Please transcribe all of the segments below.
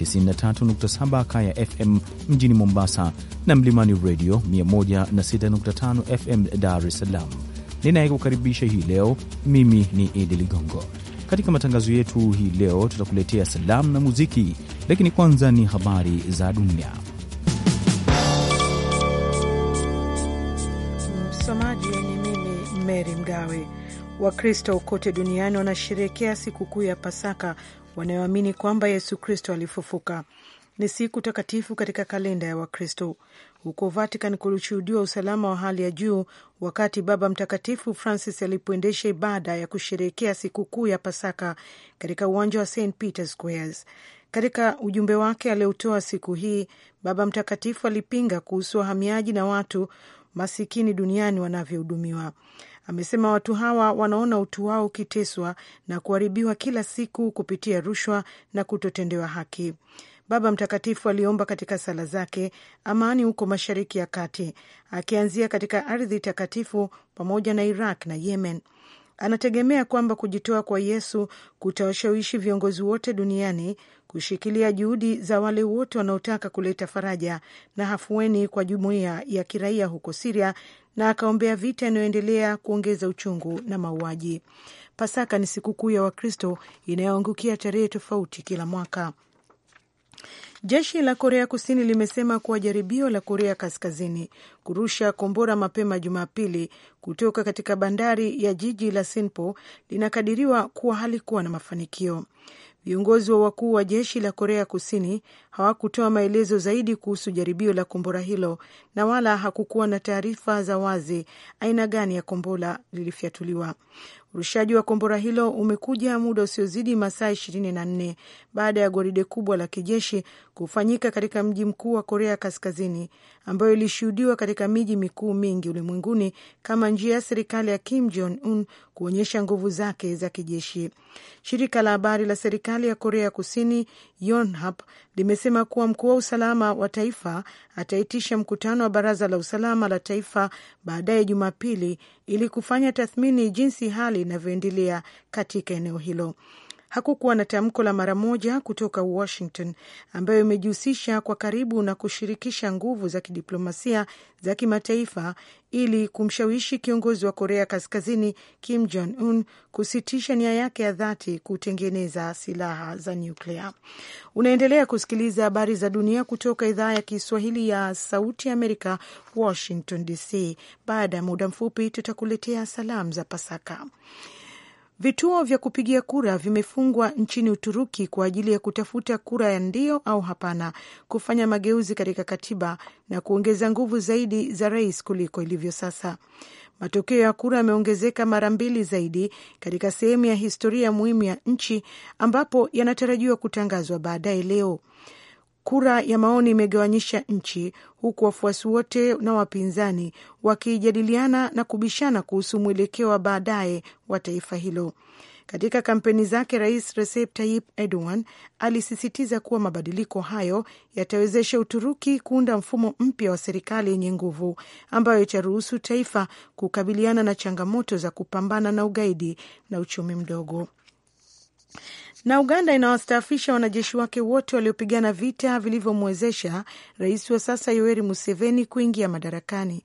93.7 Kaya FM mjini Mombasa na Mlimani Radio 106.5 FM Dar es Salaam. Ninayekukaribisha hii leo mimi ni Idi Ligongo. Katika matangazo yetu hii leo tutakuletea salamu na muziki, lakini kwanza ni habari za dunia. Msomaji ni mimi Meri Mgawe. Wakristo kote duniani wanasherehekea sikukuu ya Pasaka wanayoamini kwamba Yesu Kristo alifufuka. Ni siku takatifu katika kalenda ya Wakristo. Huko Vatican kulishuhudiwa usalama wa hali ya juu wakati Baba Mtakatifu Francis alipoendesha ibada ya kusherehekea sikukuu ya Pasaka katika uwanja wa St Peter Squares. Katika ujumbe wake aliotoa siku hii, Baba Mtakatifu alipinga kuhusu wahamiaji na watu masikini duniani wanavyohudumiwa. Amesema watu hawa wanaona utu wao ukiteswa na kuharibiwa kila siku kupitia rushwa na kutotendewa haki. Baba Mtakatifu aliomba katika sala zake amani huko Mashariki ya Kati, akianzia katika ardhi takatifu pamoja na Iraq na Yemen. Anategemea kwamba kujitoa kwa Yesu kutawashawishi viongozi wote duniani kushikilia juhudi za wale wote wanaotaka kuleta faraja na hafueni kwa jumuiya ya kiraia huko Siria, na akaombea vita inayoendelea kuongeza uchungu na mauaji. Pasaka ni sikukuu ya Wakristo inayoangukia tarehe tofauti kila mwaka. Jeshi la Korea Kusini limesema kuwa jaribio la Korea Kaskazini kurusha kombora mapema Jumapili kutoka katika bandari ya jiji la Sinpo linakadiriwa kuwa halikuwa na mafanikio. Viongozi wa wakuu wa jeshi la Korea Kusini hawakutoa maelezo zaidi kuhusu jaribio la kombora hilo na wala hakukuwa na taarifa za wazi aina gani ya kombora lilifyatuliwa. Urushaji wa kombora hilo umekuja muda usiozidi masaa ishirini na nne baada ya gwaride kubwa la kijeshi kufanyika katika mji mkuu wa Korea Kaskazini, ambayo ilishuhudiwa katika miji mikuu mingi ulimwenguni kama njia ya serikali ya Kim Jong Un kuonyesha nguvu zake za kijeshi. Shirika la habari la serikali ya Korea Kusini Yonhap limes amesema kuwa mkuu wa usalama wa taifa ataitisha mkutano wa baraza la usalama la taifa baadaye Jumapili ili kufanya tathmini jinsi hali inavyoendelea katika eneo hilo hakukuwa na tamko la mara moja kutoka Washington ambayo imejihusisha kwa karibu na kushirikisha nguvu za kidiplomasia za kimataifa ili kumshawishi kiongozi wa Korea Kaskazini Kim Jong Un kusitisha nia yake ya dhati kutengeneza silaha za nyuklia. Unaendelea kusikiliza habari za dunia kutoka idhaa ya Kiswahili ya Sauti Amerika, Washington DC. Baada ya muda mfupi, tutakuletea salamu za Pasaka. Vituo vya kupigia kura vimefungwa nchini Uturuki kwa ajili ya kutafuta kura ya ndio au hapana kufanya mageuzi katika katiba na kuongeza nguvu zaidi za rais kuliko ilivyo sasa. Matokeo ya kura yameongezeka mara mbili zaidi katika sehemu ya historia muhimu ya nchi ambapo yanatarajiwa kutangazwa baadaye leo. Kura ya maoni imegawanyisha nchi huku wafuasi wote na wapinzani wakijadiliana na kubishana kuhusu mwelekeo wa baadaye wa taifa hilo. Katika kampeni zake, Rais Recep Tayyip Erdogan alisisitiza kuwa mabadiliko hayo yatawezesha Uturuki kuunda mfumo mpya wa serikali yenye nguvu ambayo itaruhusu taifa kukabiliana na changamoto za kupambana na ugaidi na uchumi mdogo. Na Uganda inawastaafisha wanajeshi wake wote waliopigana vita vilivyomwezesha rais wa sasa Yoweri Museveni kuingia madarakani.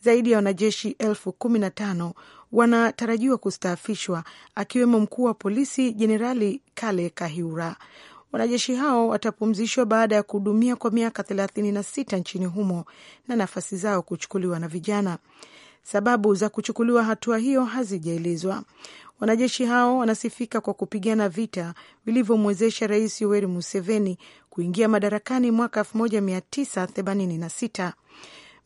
Zaidi ya wanajeshi elfu kumi na tano wanatarajiwa kustaafishwa akiwemo mkuu wa polisi Jenerali Kale Kahiura. Wanajeshi hao watapumzishwa baada ya kuhudumia kwa miaka sita nchini humo na nafasi zao kuchukuliwa na vijana. Sababu za kuchukuliwa hatua hiyo hazijaelezwa. Wanajeshi hao wanasifika kwa kupigana vita vilivyomwezesha Rais Yoweri Museveni kuingia madarakani mwaka 1986.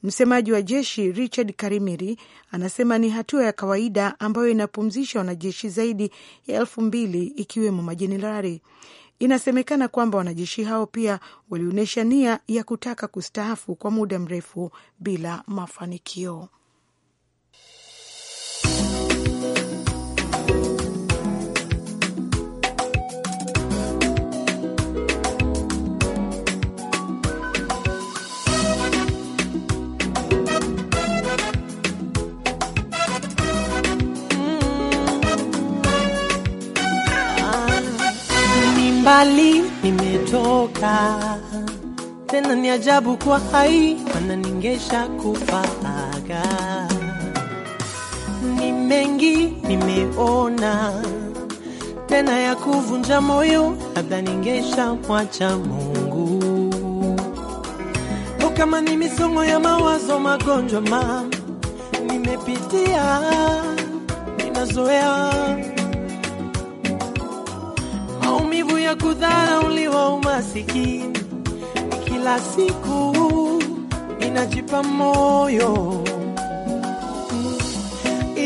Msemaji wa jeshi Richard Karimiri anasema ni hatua ya kawaida ambayo inapumzisha wanajeshi zaidi ya elfu mbili ikiwemo majenerali. Inasemekana kwamba wanajeshi hao pia walionyesha nia ya kutaka kustaafu kwa muda mrefu bila mafanikio. mbali nimetoka tena, ni ajabu kwa hai, maana ningesha kufaaga. Ni mengi nimeona, tena ya kuvunja moyo, labda ningesha mwacha Mungu. Kama ni misongo ya mawazo, magonjwa ma nimepitia, ninazoea vya kudharauliwa, umasikini. Kila siku inajipa moyo,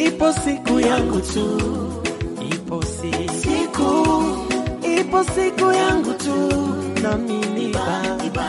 ipo siku yangu tu, ipo siku, ipo siku yangu tu, nami niba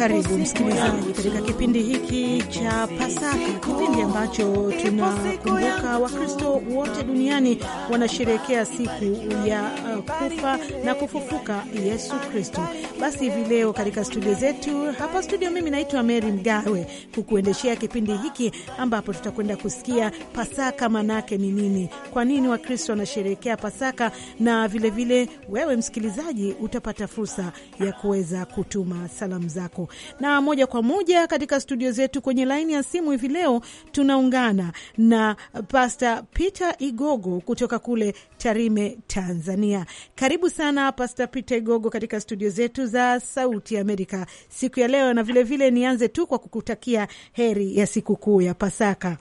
karibu msikilizaji katika kipindi hiki cha Pasaka, kipindi ambacho tunakumbuka Wakristo wote duniani wanasherehekea siku ya uh, kufa na kufufuka Yesu Kristo. Basi hivi leo katika studio zetu hapa studio, mimi naitwa Mary Mgawe kukuendeshea kipindi hiki ambapo tutakwenda kusikia Pasaka manake ni nini, kwa nini Wakristo wanasherehekea Pasaka, na vilevile vile, wewe msikilizaji utapata fursa ya kuweza kutuma salamu zako na moja kwa moja katika studio zetu kwenye laini ya simu hivi leo tunaungana na Pasta Peter Igogo kutoka kule Tarime, Tanzania. Karibu sana Pasta Peter Igogo katika studio zetu za Sauti Amerika siku ya leo, na vilevile vile nianze tu kwa kukutakia heri ya sikukuu ya Pasaka.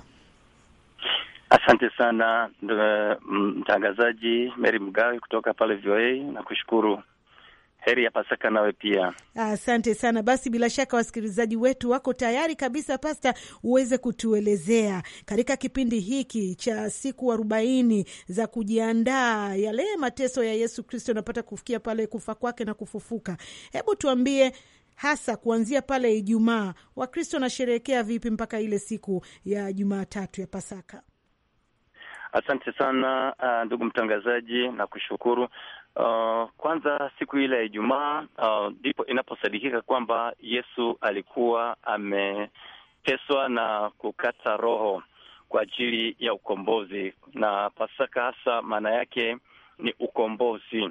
Asante sana mm, mtangazaji Meri Mgawe kutoka pale VOA na kushukuru Heri ya Pasaka nawe pia. Asante sana. Basi bila shaka wasikilizaji wetu wako tayari kabisa, Pasta, uweze kutuelezea katika kipindi hiki cha siku arobaini za kujiandaa yale mateso ya Yesu Kristo, unapata kufikia pale kufa kwake na kufufuka. Hebu tuambie hasa kuanzia pale Ijumaa, Wakristo wanasherehekea vipi mpaka ile siku ya Jumatatu ya Pasaka? Asante sana uh, ndugu mtangazaji, na kushukuru Uh, kwanza siku ile ya Ijumaa uh, ndipo uh, inaposadikika kwamba Yesu alikuwa ameteswa na kukata roho kwa ajili ya ukombozi, na Pasaka hasa maana yake ni ukombozi,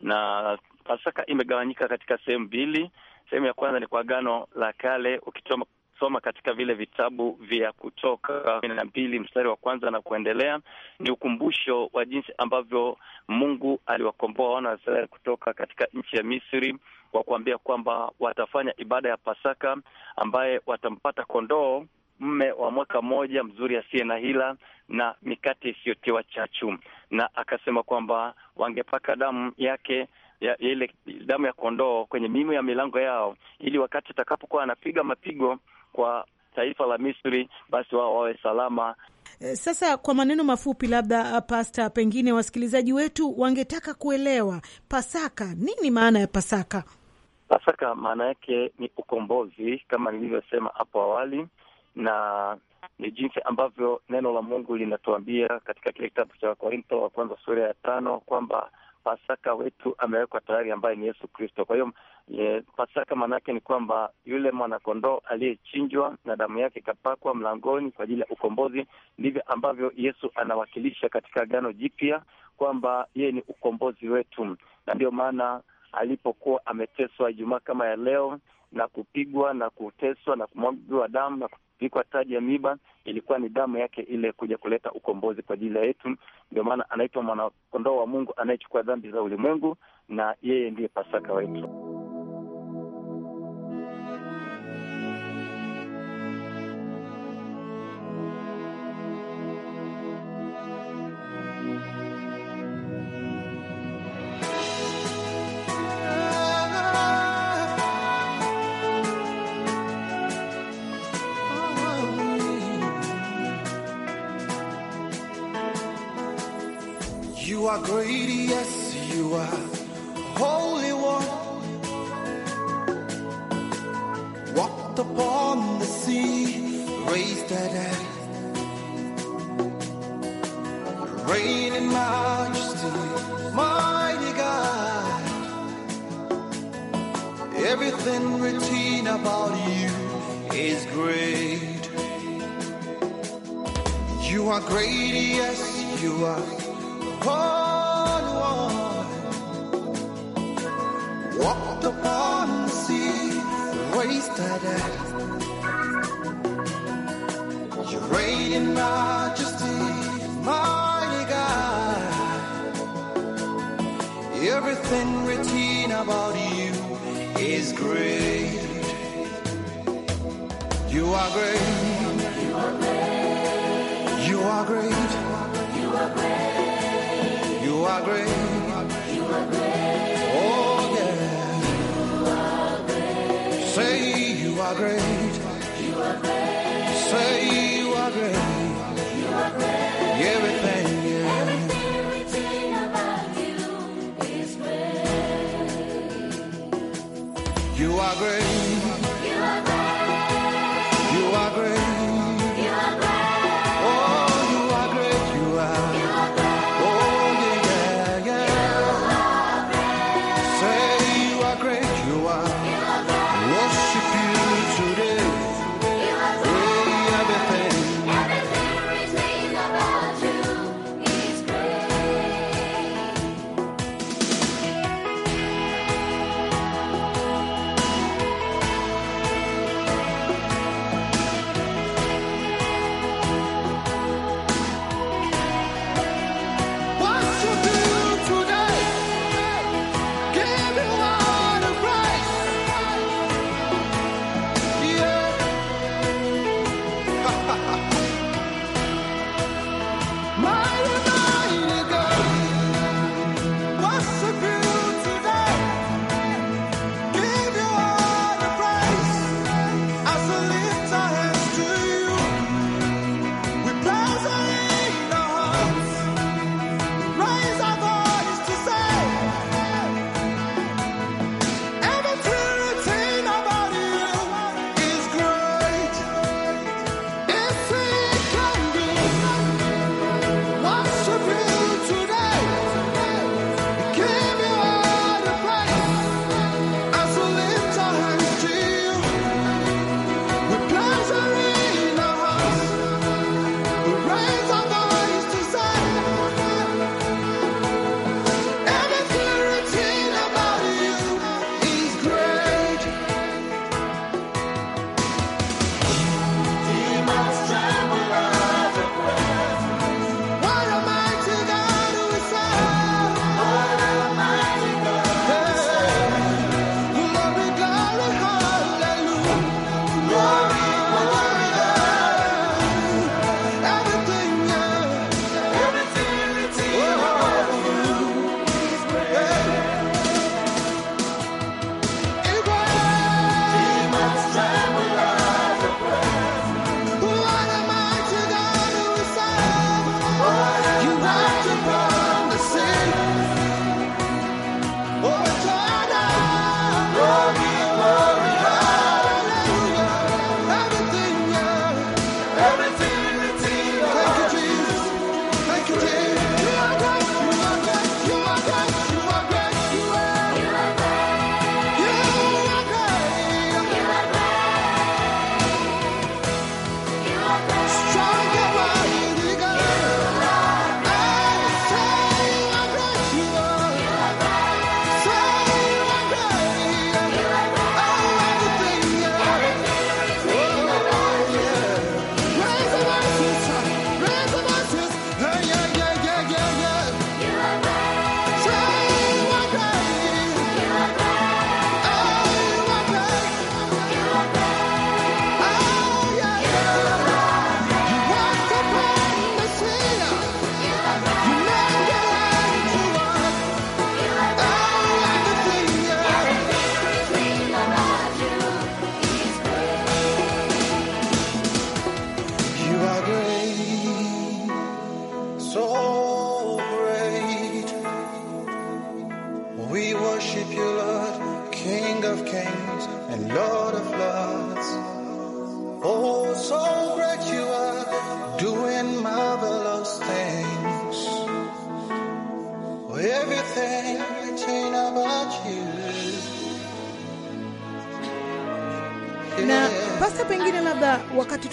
na Pasaka imegawanyika katika sehemu mbili. Sehemu ya kwanza ni kwa Agano la Kale, ukitoa soma katika vile vitabu vya Kutoka kumi na mbili mstari wa kwanza na kuendelea, ni ukumbusho wa jinsi ambavyo Mungu aliwakomboa wana wa Israeli kutoka katika nchi ya Misri kwa kuambia kwamba watafanya ibada ya Pasaka ambaye watampata kondoo mme wa mwaka mmoja mzuri asiye na hila na mikate isiyotiwa chachu, na akasema kwamba wangepaka damu yake ya ile damu ya kondoo kwenye miimo ya milango yao, ili wakati atakapokuwa anapiga mapigo kwa taifa la Misri, basi wao wawe salama. Eh, sasa kwa maneno mafupi, labda uh, pasta, pengine wasikilizaji wetu wangetaka kuelewa Pasaka, nini maana ya Pasaka? Pasaka maana yake ni ukombozi, kama nilivyosema hapo awali, na ni jinsi ambavyo neno la Mungu linatuambia katika kile kitabu cha Wakorintho wa kwanza sura ya tano kwamba Pasaka wetu amewekwa tayari, ambaye ni Yesu Kristo. Kwa hiyo e, Pasaka maanaake ni kwamba yule mwanakondoo aliyechinjwa na damu yake ikapakwa mlangoni kwa ajili ya ukombozi, ndivyo ambavyo Yesu anawakilisha katika gano Jipya kwamba yeye ni ukombozi wetu, na ndiyo maana alipokuwa ameteswa Ijumaa kama ya leo na kupigwa na kuteswa na kumwagiwa damu na vikwa taji ya miba ilikuwa ni damu yake ile kuja kuleta ukombozi kwa ajili yetu. Ndio maana anaitwa mwanakondoo wa Mungu anayechukua dhambi za ulimwengu, na yeye ndiye Pasaka wetu. You are great, yes, you are holy one. Walked upon the sea, raised the dead. Reign in majesty, mighty God. Everything routine about you is great. You are great, yes, you are upon water, walked upon the sea, wasted at your reigning majesty, mighty God. Everything routine about you is great. You are great. You are great. You are great. You are great my grave.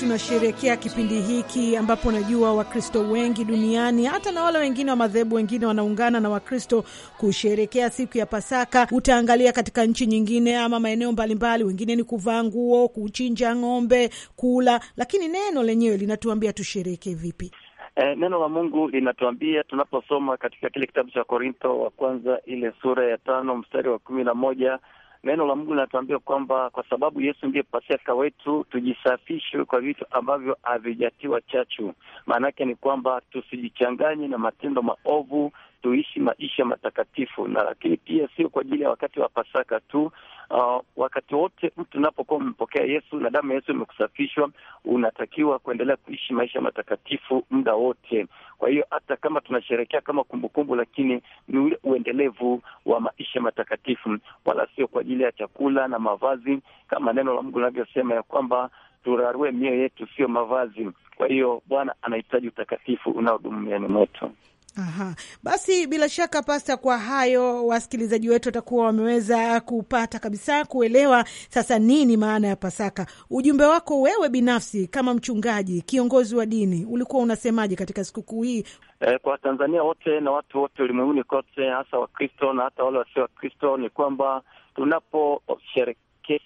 tunasherekea kipindi hiki ambapo najua Wakristo wengi duniani hata na wale wengine wa madhehebu wengine wanaungana na Wakristo kusherekea siku ya Pasaka. Utaangalia katika nchi nyingine ama maeneo mbalimbali, wengine ni kuvaa nguo, kuchinja ng'ombe, kula, lakini neno lenyewe linatuambia tusherekee vipi? Eh, neno la Mungu linatuambia tunaposoma katika kile kitabu cha Korintho wa kwanza ile sura ya tano mstari wa kumi na moja Neno la Mungu linatuambia kwamba kwa sababu Yesu ndiye Pasaka wetu, tujisafishwe kwa vitu ambavyo havijatiwa chachu. Maana ni kwamba tusijichanganye na matendo maovu tuishi maisha matakatifu, na lakini pia sio kwa ajili ya wakati wa Pasaka tu. Uh, wakati wote mtu unapokuwa umempokea Yesu na damu ya Yesu imekusafishwa, unatakiwa kuendelea kuishi maisha matakatifu muda wote. Kwa hiyo hata kama tunasherehekea kama kumbukumbu -kumbu, lakini ni ule uendelevu wa maisha matakatifu, wala sio kwa ajili ya chakula na mavazi, kama neno la Mungu linavyosema ya kwamba turarue mioyo yetu, sio mavazi. Kwa hiyo Bwana anahitaji utakatifu unaodumu miani mwetu. Aha. Basi bila shaka Pasta, kwa hayo wasikilizaji wetu watakuwa wameweza kupata kabisa kuelewa sasa nini maana ya Pasaka. Ujumbe wako wewe binafsi kama mchungaji, kiongozi wa dini, ulikuwa unasemaje katika sikukuu hii e, kwa Watanzania wote na watu wote ulimwenguni kote, hasa Wakristo na hata wale wasio Wakristo? Ni kwamba tunaposherekea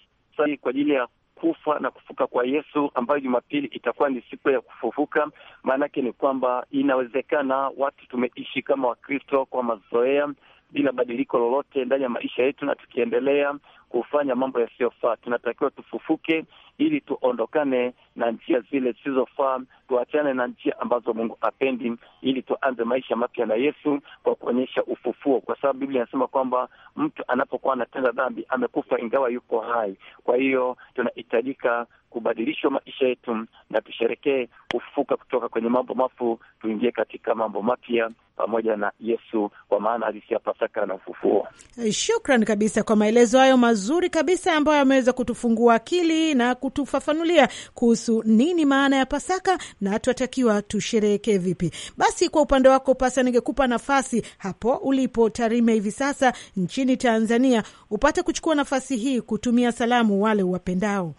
kwa ajili ya kufa na kufuka kwa Yesu, ambayo Jumapili itakuwa ni siku ya kufufuka. Maanake ni kwamba inawezekana watu tumeishi kama Wakristo kwa mazoea bila badiliko lolote ndani ya maisha yetu, na tukiendelea kufanya mambo yasiyofaa. Tunatakiwa tufufuke ili tuondokane na njia zile zisizofaa, tuachane na njia ambazo Mungu apendi, ili tuanze maisha mapya na Yesu kwa kuonyesha ufufuo, kwa sababu Biblia inasema kwamba mtu anapokuwa anatenda dhambi amekufa ingawa yuko hai. Kwa hiyo tunahitajika kubadilishwa maisha yetu, na tusherekee kufufuka kutoka kwenye mambo mafu, tuingie katika mambo mapya pamoja na Yesu, kwa maana halisi ya Pasaka na ufufuo. Shukran kabisa kwa maelezo hayo mazuri kabisa ambayo ameweza kutufungua akili na kutufafanulia kuhusu nini maana ya Pasaka na tunatakiwa tusherehekee vipi. Basi kwa upande wako Pasa, ningekupa nafasi hapo ulipo Tarime hivi sasa nchini Tanzania, upate kuchukua nafasi hii kutumia salamu wale wapendao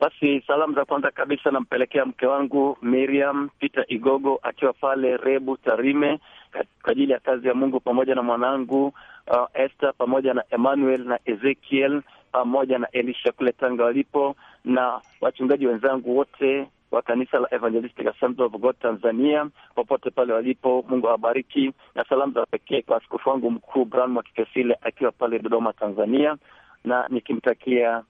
basi salamu za kwanza kabisa nampelekea mke wangu Miriam Peter Igogo akiwa pale Rebu Tarime kwa ajili ya kazi ya Mungu, pamoja na mwanangu uh, Esther pamoja na Emmanuel na Ezekiel pamoja na Elisha kule Tanga walipo, na wachungaji wenzangu wote wa kanisa la Evangelistic Assembly of God Tanzania popote pale walipo, Mungu awabariki. Na salamu za pekee kwa askofu wangu mkuu Bran akiwa pale Dodoma, Tanzania, na nikimtakia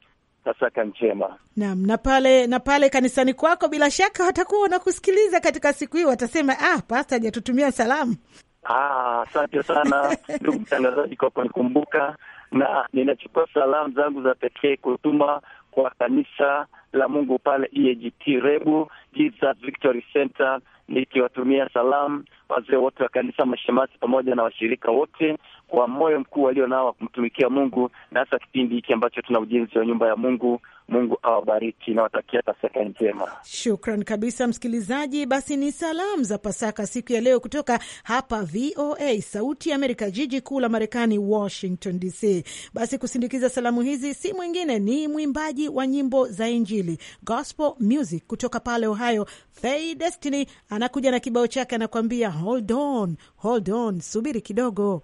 Pasaka njema. Naam, na pale na pale kanisani kwako bila shaka watakuwa wanakusikiliza katika siku hii, watasema ah, pasta hajatutumia salamu. Ah, sana ndugu mtangazaji kwa kunikumbuka, na ninachukua salamu zangu za pekee kutuma kwa kanisa la Mungu pale EAGT Rebu Jesus Victory Center, nikiwatumia salamu wazee wote wa kanisa, mashemasi, pamoja na washirika wote kwa moyo mkuu walio nao wa kumtumikia Mungu, na hasa kipindi hiki ambacho tuna ujenzi wa nyumba ya Mungu Mungu awabariki na watakia Pasaka njema. Shukran kabisa msikilizaji. Basi ni salamu za Pasaka siku ya leo kutoka hapa VOA Sauti ya Amerika, jiji kuu la Marekani, Washington DC. Basi kusindikiza salamu hizi si mwingine ni mwimbaji wa nyimbo za Injili, gospel music, kutoka pale Ohio, Faye Destiny anakuja na kibao chake, anakuambia hold on, hold on, subiri kidogo.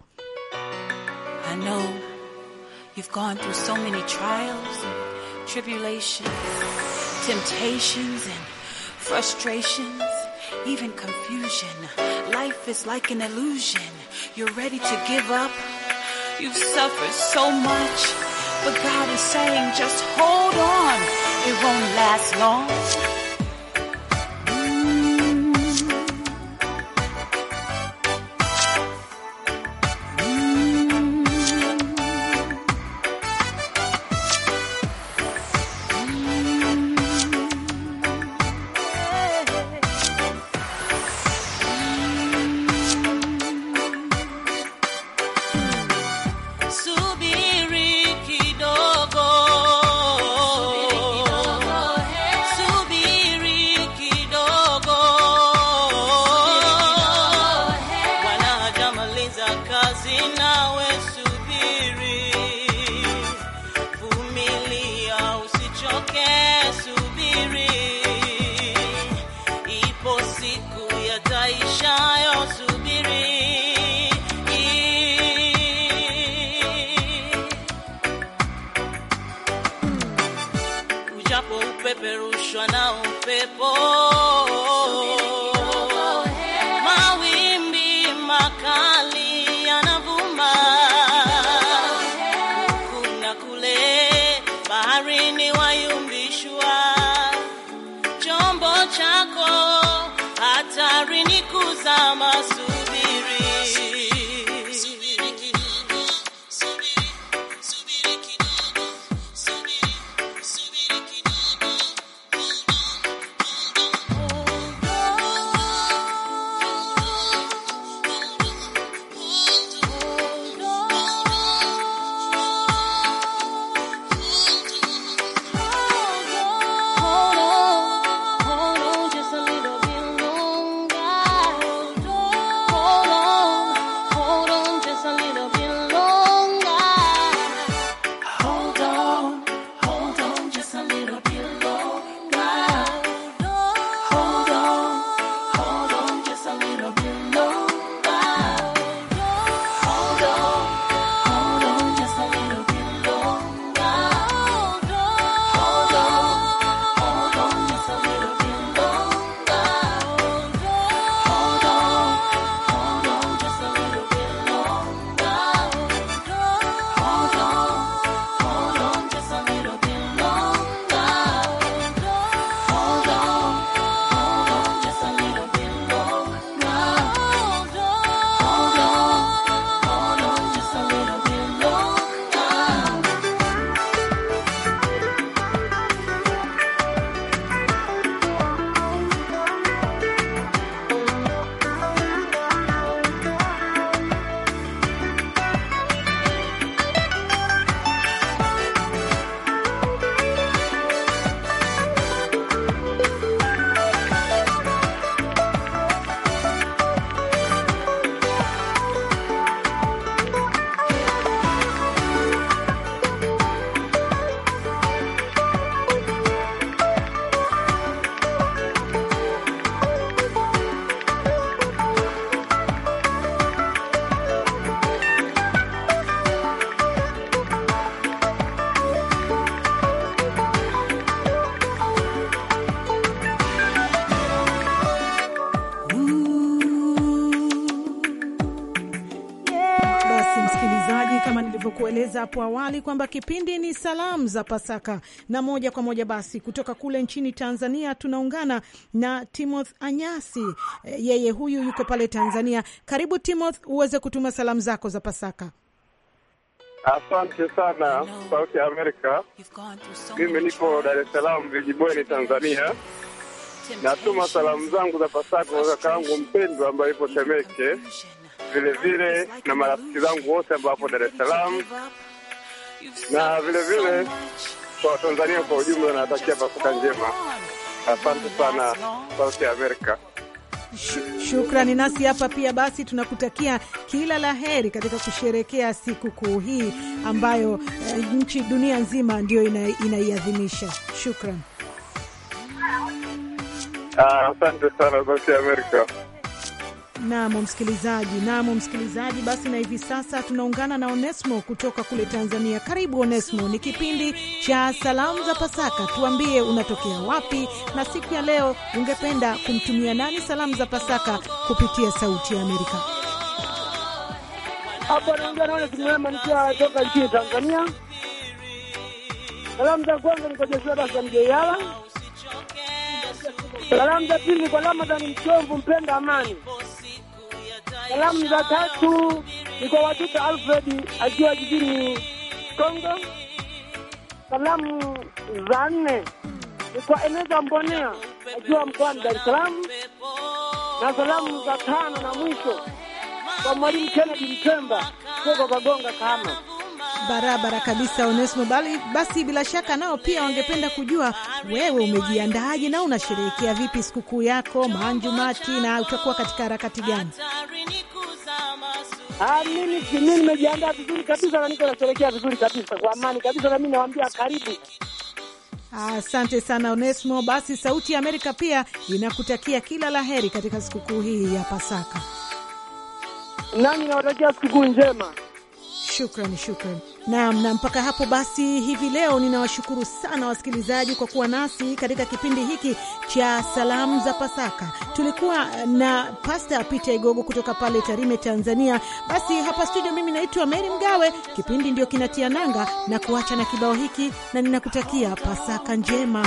I know you've gone through so many trials. tribulations, temptations, and frustrations, even confusion. Life is like an illusion. You're ready to give up. You've suffered so much, but God is saying, just hold on. It won't last long. kupeperushwa na upepo, mawimbi makali yanavuma, kuna kule wayumbishwa, chombo chako hapo awali kwamba kipindi ni salamu za Pasaka, na moja kwa moja basi kutoka kule nchini Tanzania tunaungana na Timoth Anyasi. Eh, yeye huyu yuko pale Tanzania. Karibu Timoth, uweze kutuma salamu zako za Pasaka. Asante sana Sauti ya Amerika. Mimi niko Dar es Salaam, Vijibweni, Tanzania. Natuma salamu zangu za Pasaka kwa kaka yangu mpendwa ambaye yupo Temeke, vilevile na marafiki zangu wote ambao wapo Dar es Salaam na vilevile kwa Watanzania kwa ujumla, natakia Pasaka njema. Asante sana Sauti ya Amerika. Shukrani. Nasi hapa pia basi tunakutakia kila la heri katika kusherekea sikukuu hii ambayo eh, nchi dunia nzima ndio inaiadhimisha. Ina shukran. Ah, asante ah, sana Sauti ya Amerika. Nam msikilizaji, nam msikilizaji, basi na hivi sasa tunaungana na Onesmo kutoka kule Tanzania. Karibu Onesmo, ni kipindi cha salamu za Pasaka. Tuambie unatokea wapi na siku ya leo ungependa kumtumia nani salamu za Pasaka kupitia Sauti ya Amerika? Hapo naongea na Onesmo nikiwa toka nchini Tanzania. Salamu za kwanza ni kwa Joshua Dasa Salamu za pili ni kwa Ramadhani Mchomvu mpenda amani. Salamu za tatu ni kwa watoto Alfred akiwa jijini Kongo. Salamu za nne ni kwa Eneza Mbonea akiwa mkoani Dar es Salaam, na salamu za tano na mwisho kwa Mwalimu Kennedy Mtemba kutoka Kagonga kama Barabara kabisa, onesimo Basi bila shaka nao pia wangependa kujua wewe umejiandaaje na unasherehekea vipi sikukuu yako Maanjumati na utakuwa katika harakati gani? Ah, mimi mimi nimejiandaa vizuri kabisa na niko nasherehekea vizuri kabisa kwa amani kabisa, na mimi nawaambia karibu. Asante sana Onesmo. Basi Sauti ya Amerika pia inakutakia kila la heri katika sikukuu hii ya Pasaka, nani nawatakia sikukuu njema. Shukrani, shukrani. Naam, na mpaka hapo basi, hivi leo ninawashukuru sana wasikilizaji kwa kuwa nasi katika kipindi hiki cha salamu za Pasaka. Tulikuwa na Pasta Peter Igogo kutoka pale Tarime, Tanzania. Basi hapa studio, mimi naitwa Meri Mgawe, kipindi ndio kinatia nanga na kuacha na kibao hiki, na ninakutakia Pasaka njema.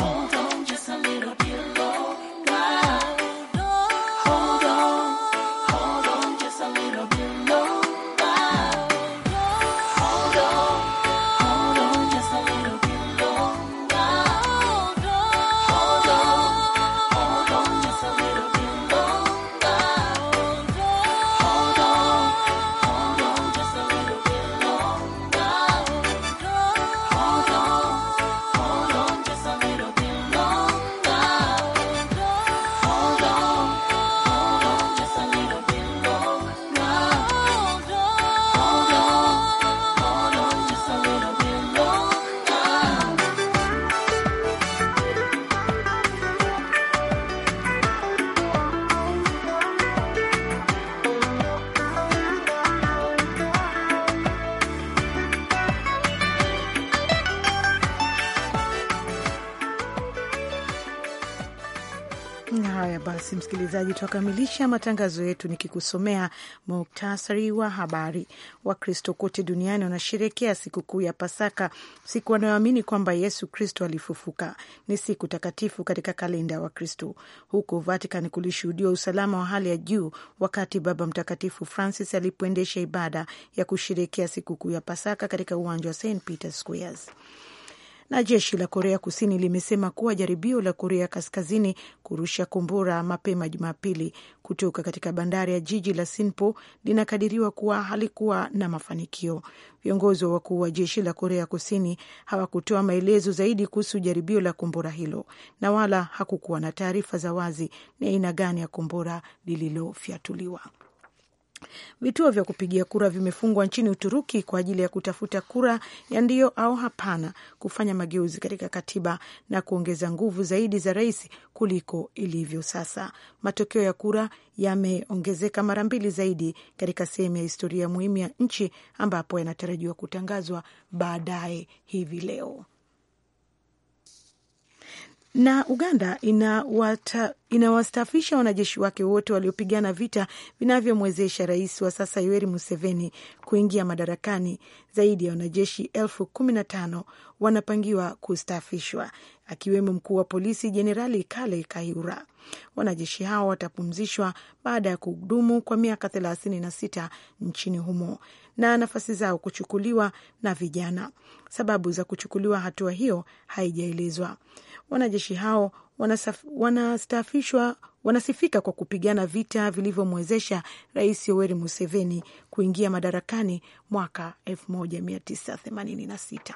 tutakamilisha matangazo yetu nikikusomea muktasari wa habari. Wakristo kote duniani wanasherekea sikukuu ya Pasaka, siku wanayoamini kwamba Yesu Kristo alifufuka. Ni siku takatifu katika kalenda ya Wakristo. Huko Vatican kulishuhudiwa usalama wa hali ya juu wakati Baba Mtakatifu Francis alipoendesha ibada ya kusherekea sikukuu ya Pasaka katika uwanja wa St Peter Squares. Na jeshi la Korea Kusini limesema kuwa jaribio la Korea Kaskazini kurusha kombora mapema Jumapili kutoka katika bandari ya jiji la Sinpo linakadiriwa kuwa halikuwa na mafanikio. Viongozi wa wakuu wa jeshi la Korea Kusini hawakutoa maelezo zaidi kuhusu jaribio la kombora hilo na wala hakukuwa na taarifa za wazi ni aina gani ya kombora lililofyatuliwa. Vituo vya kupigia kura vimefungwa nchini Uturuki kwa ajili ya kutafuta kura ya ndio au hapana kufanya mageuzi katika katiba na kuongeza nguvu zaidi za rais kuliko ilivyo sasa. Matokeo ya kura yameongezeka mara mbili zaidi katika sehemu ya historia muhimu ya nchi ambapo yanatarajiwa kutangazwa baadaye hivi leo. Na Uganda inawastaafisha wanajeshi wake wote waliopigana vita vinavyomwezesha rais wa sasa Yoweri Museveni kuingia madarakani. Zaidi ya wanajeshi elfu kumi na tano wanapangiwa kustaafishwa akiwemo mkuu wa polisi Jenerali Kale Kaihura. Wanajeshi hao watapumzishwa baada ya kuhudumu kwa miaka thelathini na sita nchini humo na nafasi zao kuchukuliwa na vijana. Sababu za kuchukuliwa hatua hiyo haijaelezwa. Wanajeshi hao wanastaafishwa wanasifika kwa kupigana vita vilivyomwezesha Rais Yoweri Museveni kuingia madarakani mwaka 1986.